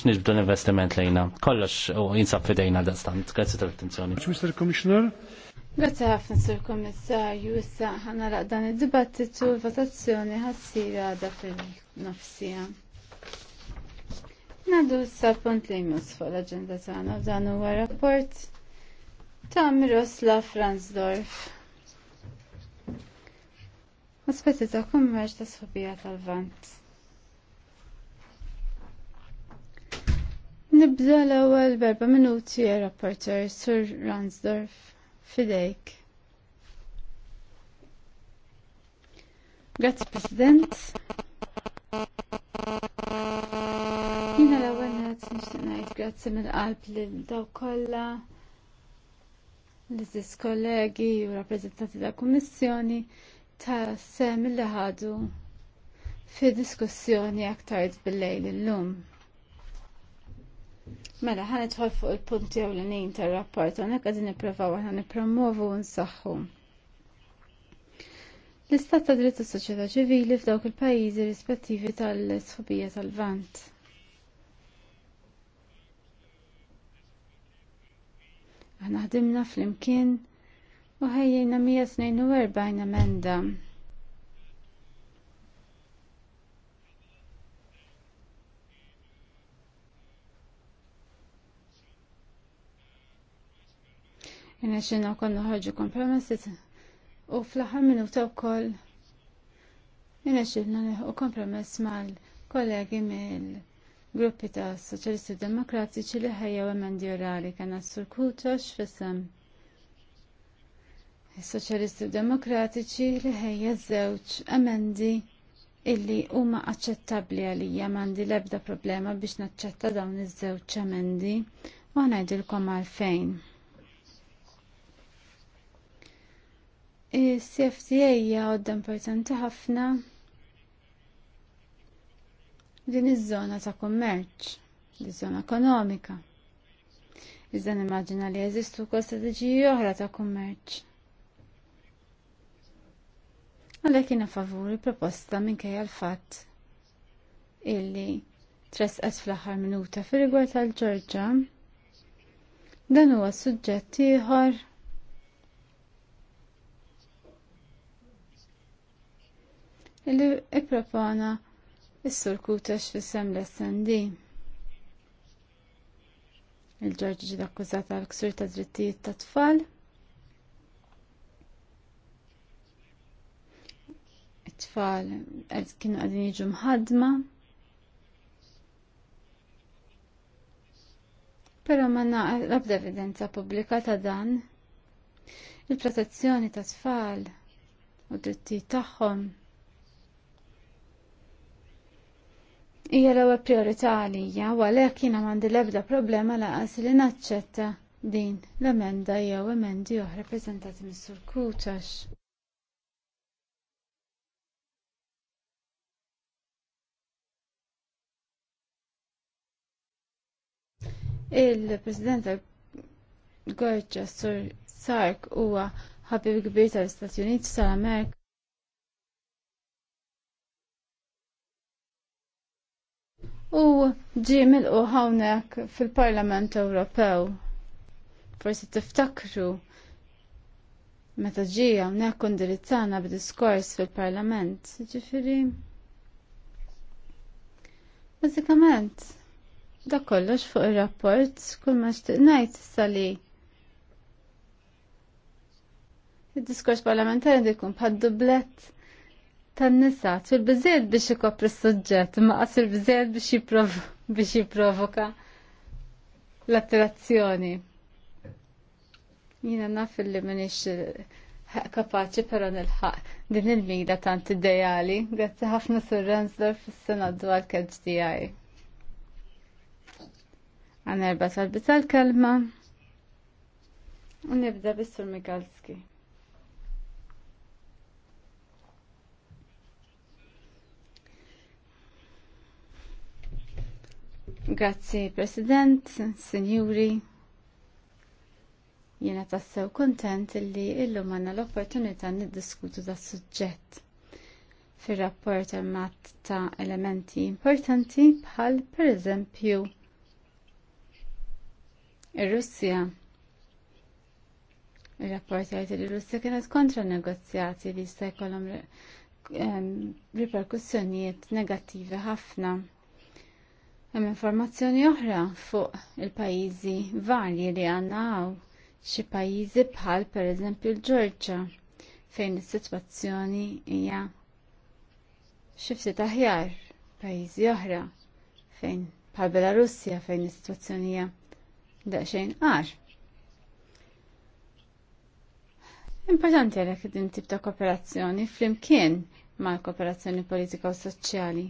x'nibdu l-investiment lejna. Kollox u jinsab fidejna da stant. Grazzi tal-attenzjoni. Mr. Commissioner. Grazzi ħafna Sir Kommissarju, issa ħana laq dan id-dibattitu l-votazzjoni ħassira għadha fil-nofsija. Nadu issa punt li jmus fuq l-agenda tagħna dan huwa rapport ta' Mirosla Franzdorf. Aspetti ta' kummerċ ta' sħobija tal-vant. Nibda l-ewwel berba minuti rapporter Sir Ransdorf fidejk. Grazzi President. Jina l-ewwel nagħti nixtieq ngħid grazzi mill-qalb lil daw kollha l-iżis kollegi u rappreżentanti tal kummissjoni ta' sem li ħadu fi diskussjoni aktar bil-lejl illum. Mela, ħan itħol fuq il-punti u l-nin tal-rapport, għonek għadin niprofaw għan nipromovu u nsaxħu. L-istat ta' dritt soċjetà ċivili f'dawk il-pajjiżi rispettivi tal sfobija tal-vant. Għan ħdimna fl-imkien u ħajjina 142 emenda Inaxina konna ħarġu kompromessit. u fl-ħar minuta u koll inaxina u kompromess mal-kollegi mill-gruppi ta' Soċjalisti Demokratiċi li ħajja emendi orali kena s-sur Kutax fissem Is-Soċjalisti Demokratiċi li ħejja zewċ emendi illi huma aċċettabbli għalija m'għandi l-ebda problema biex naċċetta dawn iż-żewġ emendi u ngħidilkom għalfejn. Il-CFTA hija għodda importanti ħafna din iż-żona ta' kummerċ, din żona ekonomika. Iżda nimmaġina li jeżistu wkoll strateġiji oħra ta' kummerċ. Għalhekk kien favur proposta minkejja l-fatt illi tresqet fl-aħħar minuta fir-rigward tal-Ġorġa dan huwa suġġett ieħor illi ippropona is-sur Kutex fis-sem l-SND. Il-ġorġi ġiet akkużata għal ksur ta' drittijiet ta' tfal. It-tfal kienu għadin jiġu mħadma. Però ma naqrab evidenza pubblika ta' dan. Il-protezzjoni ta' tfal u drittijiet tagħhom hija l-ewwel priorità għalija u għalhekk jiena m'għandi l-ebda problema laqas li naċċetta din l-emenda jew emendi oħra preżentati mis-Sur Kutax. Il-President tal Sur Sark huwa ħabib kbir tal-Istati Uniti tal-Amerika u ġimil u hawnhekk fil-Parlament Ewropew. Forsi tiftakru meta ġi hawnhekk kundirizzana b'diskors fil-Parlament, Ġifiri. Bażikament, dak kollox fuq ir-rapport kull ma xtiqnajt ngħid issa li id-diskors parlamentari jkun bħad dublett tan-nisa tul biżejjed biex ikopri s-suġġett, ma qasir biżejjed biex biex jipprovoka l attrazzjoni Jina naf li minix eh, kapaċi pero nilħaq din il-mida tant ideali. Grazzi ħafna sur Rensler fis-sena dwar kedġ tiegħi. Għan erba salbi tal-kelma. U nibda bis-sur Mikalski. Grazzi President, Sinjuri. Jiena tassew kontent illi illum għandna l-opportunità niddiskutu da' suġġett fir-rapport mat ta' elementi importanti bħal pereżempju ir-Russja Il-rapport jgħid li Russja kienet kontra negozjati li jista' jkollhom riperkussjonijiet negattivi ħafna Hemm informazzjoni oħra fuq il-pajjiżi varji li għandna hawn xi pajjiżi bħal pereżempju l-Ġorġa fejn is-sitwazzjoni hija xi ftit aħjar pajjiżi oħra fejn bħal Belarusja fejn is-sitwazzjoni hija daqsxejn qar. Importanti għalhekk din tip ta' kooperazzjoni flimkien mal-kooperazzjoni politika u soċjali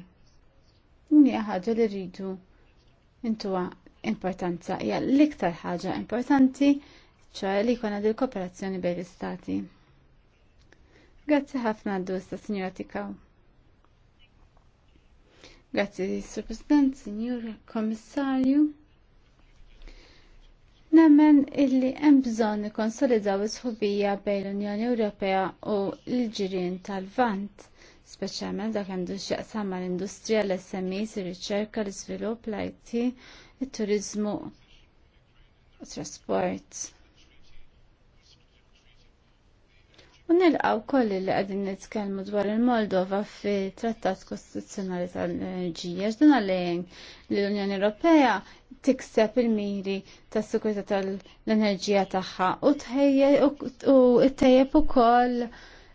Unija ħaġa li rridu intuwa importanza. Ja, l-iktar ħaġa importanti ċar li jkun dil kooperazzjoni bejn l-istati. Grazzi ħafna għaddu sta signora Tikaw. Grazzi, Sur President, Signor Kommissarju. Nemmen illi hemm bżonn nikkonsolidaw is-sħubija bejn l-Unjoni Ewropea u l-ġirien tal-Vant speċjalment dak għandu x'jaqsam mal-industrija, l-SMEs, ir-riċerka, l-iżvilupp, l-IT, it-turizmu, trasport. U nilqaw kolli li għadin nitkellmu dwar il-Moldova fi trattat kostituzzjonali tal-enerġija x'dan għalejn li l-Unjoni Ewropea tikseb il-miri tas sikurità tal-enerġija tagħha u tħejjeb u ttejjeb ukoll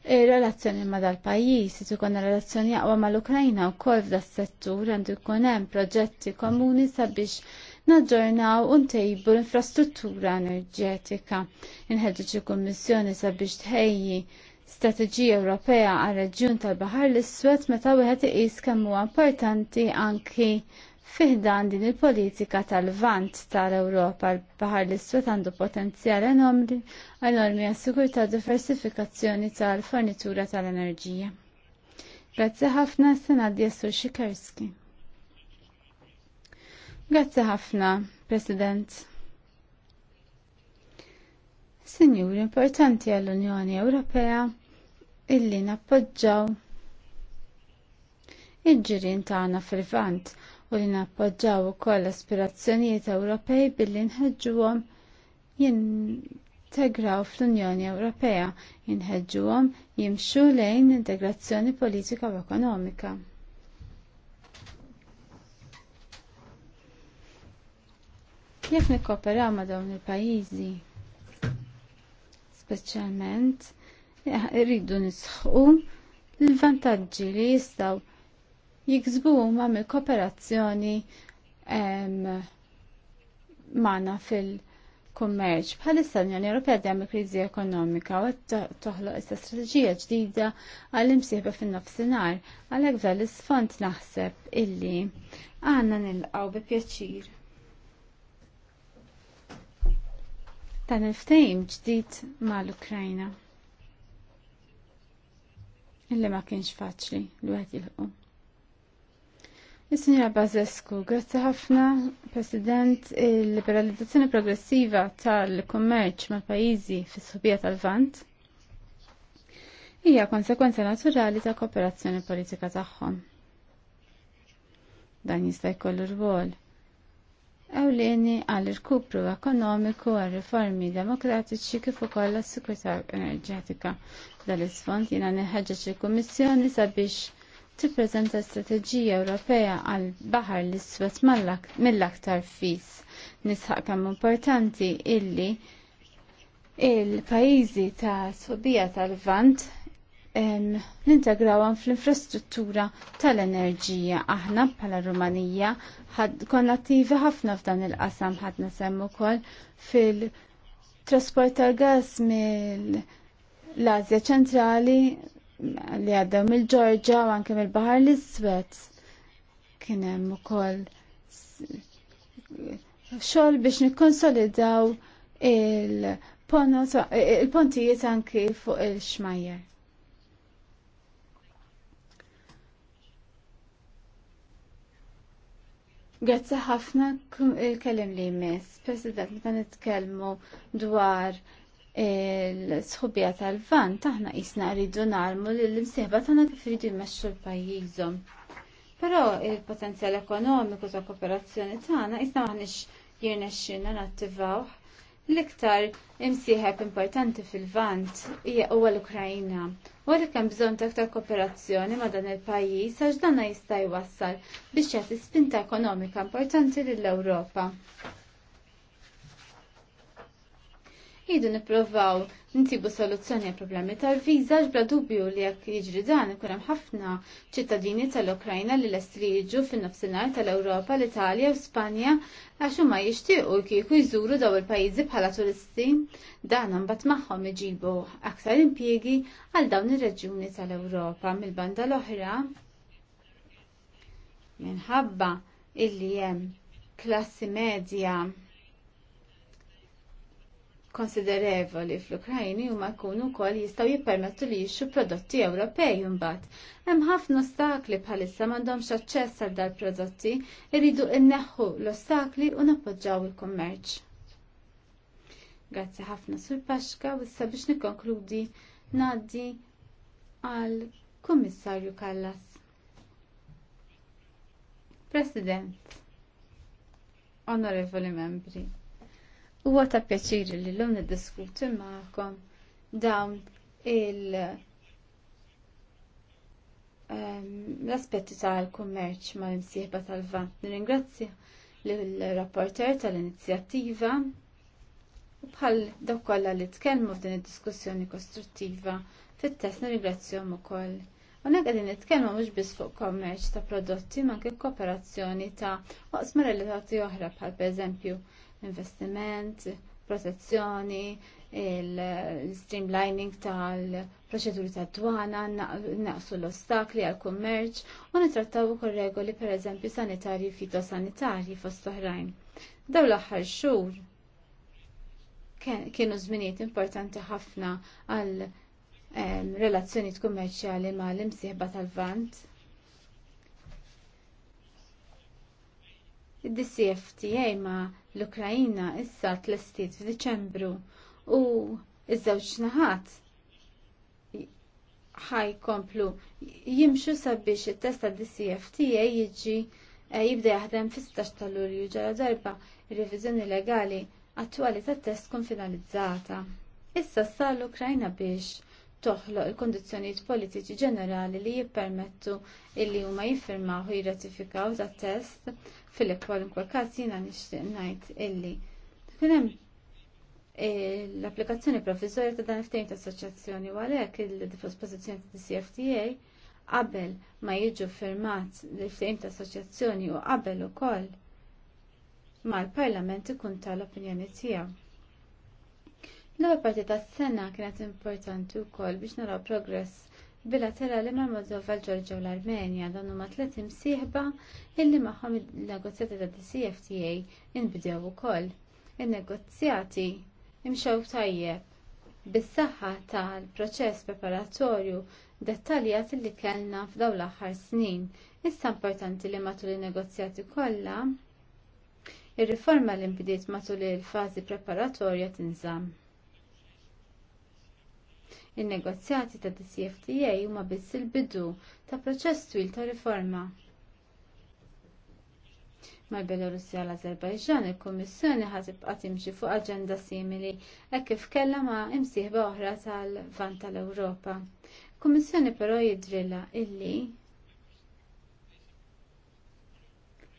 relazzjoni ma dal-pajis, ikun relazzjoni jaqwa ma l-Ukrajna u kol f'da settur għandu jkun hemm proġetti komuni sabiex naġġornaw u ntejbu l-infrastruttura enerġetika. Inħedġu ċi kummissjoni sabiex tħejji strateġija Ewropea għal reġjun tal-Baħar l-Iswed meta wieħed iqis kemm huwa importanti anki fiħdan din il-politika tal-vant tal-Ewropa l-Bahar l-Iswed għandu potenzjal enormi enormi għas-sigurtà diversifikazzjoni tal-fornitura tal-enerġija. Grazzi ħafna sena Diessu Xikerski. Grazzi ħafna, President. Sinjur importanti għall-Unjoni Ewropea illi nappoġġaw il-ġirien tagħna fil-vant u li nappoġġaw ukoll aspirazzjonijiet Ewropej billi nħeġġuhom jintegraw fl-Unjoni Ewropea, jinħeġġuhom jimxu lejn integrazzjoni politika u ekonomika. Jekk nikkoperaw ma' dawn il-pajjiżi, speċjalment irridu eh, nisħu l-vantaġġi li jistgħu jiksbu ma' mill kooperazzjoni mana fil-kummerċ. Bħalissa l-Unjoni Ewropea għandha kriżi ekonomika u qed toħloq issa strategija ġdida għall imsieħba fin-nofsinhar għalhekk dan l-isfond naħseb illi għandna nilqgħu bi pjaċir. Dan il-ftehim ġdid mal-Ukrajna illi ma kienx faċli l-wieħed jilħu. Is-Sinjora Bazescu, grazzi ħafna, President, il-liberalizzazzjoni progressiva tal-kummerċ mal-pajjiżi fis-subija tal-Vant hija konsekwenza naturali ta' kooperazzjoni politika tagħhom. Dan jista' jkollu rwol ewlieni għall irkupru ekonomiku għal riformi demokratiċi kif ukoll għas-sikurtà enerġetika. Dal-isfond jiena neħeġġeġ il-Kummissjoni sabiex tippreżenta strateġija Ewropea għal baħar l-iswed mill-aktar fis. Nisħaq kemm importanti illi il-pajjiżi ta' sobija tal-vant nintegrawhom fl-infrastruttura tal-enerġija. Aħna bħala Rumanija konna attivi ħafna f'dan il-qasam ħadna semmu ukoll fil-trasport tal-gas mill-Azja ċentrali li għaddew mill-Ġorġa u anke mill-Baħar l-Iswed. Kien hemm ukoll xogħol biex nikkonsolidaw il-pontijiet il anki fuq il-xmajjer. Grazzi ħafna il-kellim li jmiss, President, meta nitkellmu dwar l-sħubija tal-van taħna jisna rridu narmu li l-imsieħba taħna kif rridu jmexxu l-pajjiżhom. Però il-potenzjal ekonomiku ta' kooperazzjoni taħna jisna maħnix jirnexxina nattivaw. L-iktar imsieħeb importanti fil-vant hija huwa l-Ukrajna. U għalhekk hemm bżonn ta' kooperazzjoni ma' dan il-pajjiż għax dan jista' jwassal biex jagħti spinta ekonomika importanti lill-Ewropa jidu niprovaw ntibu soluzzjoni għal problemi tal-viża bla dubju li jekk jiġri dan ikun hemm ħafna ċittadini tal-Ukrajna li l-estri jiġu fin-nofsinhar tal-Ewropa, l-Italja u Spanja għax huma jixtiequ kieku jżuru daw il-pajjiżi bħala turisti dan imbagħad magħhom iġibu aktar impjiegi għal dawn ir-reġjuni tal-Ewropa mill-banda l-oħra minħabba illi hemm klassi medja konsiderevoli fl-Ukrajni u ma jkunu wkoll jistgħu jippermettu li jixxu prodotti Ewropej imbagħad. Hemm ħafna ostakli bħalissa m'għandhomx aċċess għal dal prodotti iridu nneħħu l-ostakli u nappoġġaw il-kummerċ. Grazzi ħafna sur Paxka u issa biex nikkonkludi ngħaddi għal Kummissarju Kallas. President, Onorevoli Membri, Huwa ta' pjaċir li l-lum niddiskuti maħkom dawn il- ehm, l-aspetti tal-kummerċ ma' l-imsieħba tal-vant. Nirringrazzja l-rapporter tal-inizjattiva U bħal daw kollha li tkellmu f'din id-diskussjoni kostruttiva fit-test nirringrazzjahom ukoll. Unek għedin nitkellmu mhux biss fuq kommerċ ta' prodotti ma' anke kooperazzjoni ta' oqsma relatati oħra bħal pereżempju investiment, protezzjoni, il-streamlining tal-proċeduri ta' dwana, naqsu l-ostakli għal kummerċ u nitrattaw kol regoli per eżempju sanitarji fitosanitarji fost oħrajn. Daw l-aħħar xhur kienu żminijiet importanti ħafna għal relazzjonijiet kummerċjali mal-imsieħba tal-Vant. Id-DCFTA ma l-Ukrajina issa tlestiet f'Diċembru u iż-żewġ naħat ħaj komplu jimxu sabiex it-testa DCFTA jiġi eh, jibda jaħdem fis-16 ta' Lulju ġara darba ir-reviżjoni legali attwali tat-test tkun finalizzata. Issa sa l-Ukrajna biex toħloq il-kondizjonijiet politiċi ġenerali li jippermettu illi huma jiffirmaw u jirratifikaw da test fil-kwalunkwe każ jiena nixtieq ngħid illi kien hemm eh, l-applikazzjoni provvizorja ta' dan it ftehim ta' assoċjazzjoni u għalhekk il-dispożizzjoni ta' CFTA qabel ma jiġu firmat il-ftehim ta' assoċjazzjoni u qabel ukoll ma l-Parlament ikun tal-opinjoni tiegħu. L-ewwel parti tas-sena kienet importanti wkoll biex naraw progress bilaterali mal Moldova l-Ġorġa u l-Armenja dan huma tliet imsieħba illi magħhom il-negozjati ta' DCFTA inbdew ukoll. In-negozjati imxew tajjeb bis-saħħa tal-proċess preparatorju dettaljat li kellna f'daw l-aħħar snin. Issa importanti li matul in-negozjati kollha ir-riforma li nbdiet matul il-fażi preparatorja tinżamm. Il-negozjati ta' DCFTA huma biss il-bidu ta' proċess twil ta' riforma. Mal-Belorussja l azerbajġan il-Kommissjoni ħatibqa' timxi fuq aġenda simili hekk kif kellha ma' imsieħba oħra tal vant tal-Ewropa. Kummissjoni però jidrilla illi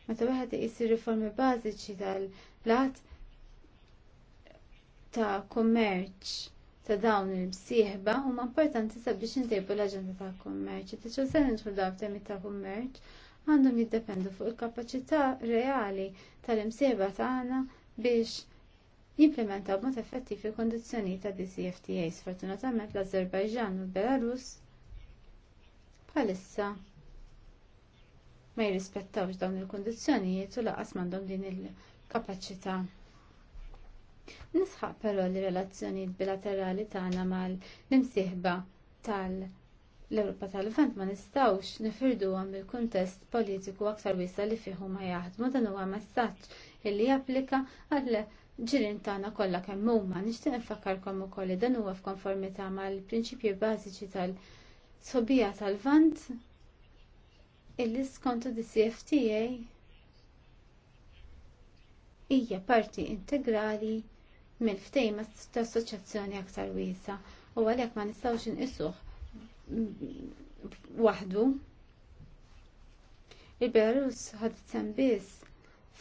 Meta wieħed iqis ir-riformi bażiċi tal-lat ta' kummerċ ta' dawn il-bsieħba huma importanti sabiex intejbu l-aġenda tal kummerċ. Tiċċa se dawn temi ta' kummerċ għandhom jiddependu fuq il-kapaċità reali tal-imsieħba tagħna biex jimplementaw b'mod effettiv il-kondizzjoni ta' DCFTA. Sfortunatament l-Azerbajġan u l-Belarus bħalissa ma jirrispettawx dawn il kundizzjonijiet u laqas m'għandhom din il-kapaċità. Nisħaq però li relazzjonijiet bilaterali tagħna mal-imsieħba tal- l-Ewropa tal-Levant ma nistawx nifirdu għam il-kuntest politiku aktar wisa li fiħu ma jaħdmu dan huwa messaġġ illi japplika għal ġirin tagħna kollha kemm huma. Nixtieq nfakkarkom ukoll li dan huwa f'konformità mal-prinċipji bażiċi tal-sobija tal-Vant illi skontu di CFTA hija parti integrali mill-ftejma ta' assoċjazzjoni aktar wiesa u għalhekk ma nistgħux inqisuh waħdu. Il-Belarus ħadet sem biss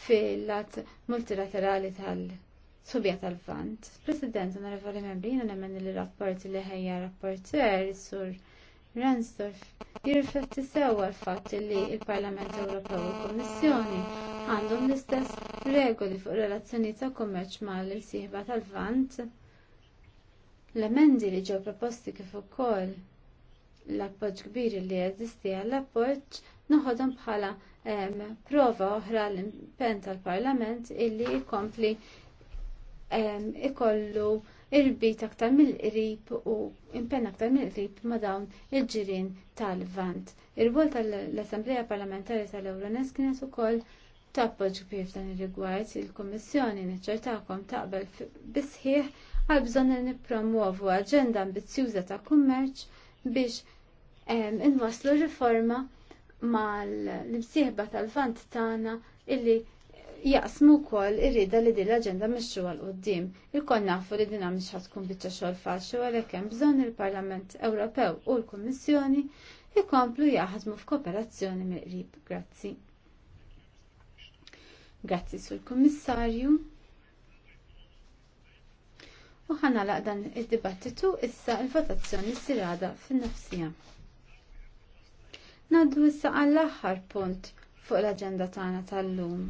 fil-lat multilaterali tal-subja tal-Vant. President onorevoli membri, jiena nemmen li rapporti li ħejja rapporter sur Ransdorf jirrifetti sewwa l-fatt li l parlament Ewropew u l-Kummissjoni għandhom l-istess regoli fuq relazzjoni ta' kummerċ mal l-sieħba tal-vant. L-emendi li ġew proposti kif ukoll l-appoġġ kbir li jeżisti għall-appoġġ noħodhom bħala prova oħra l-impenn tal-Parlament illi jkompli ikollu rbit aktar mill-qrib u impenn aktar mill-qrib ma' dawn il-ġirien tal-Vant. Ir-rwol tal-Assembleja Parlamentari tal-Euronesk kienet ukoll ta' appoġġ kbir f'dan ir-rigward il-Kummissjoni niċċertakom taqbel bisħieħ għal bżonn li nippromuovu aġenda ambizzjuża ta' kummerċ biex inwaslu riforma mal-imsieħba tal-vant tagħna illi jaqsmu wkoll irrida li din l-aġenda mexxu għal qudiem. Ilkoll nafu li dinha mhix tkun biċċa xogħol faċli għalhekk hemm bżonn il-Parlament Ewropew u l-Kummissjoni jkomplu jaħdmu f'kooperazzjoni mill-qrib. Grazzi. Grazzi sur Kommissarju. U ħana dan id-dibattitu issa il-votazzjoni s-sirada fin-nofsija. Naddu issa għall-aħħar punt fuq l-agenda tagħna tal-lum.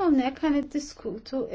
Hawnhekk ħan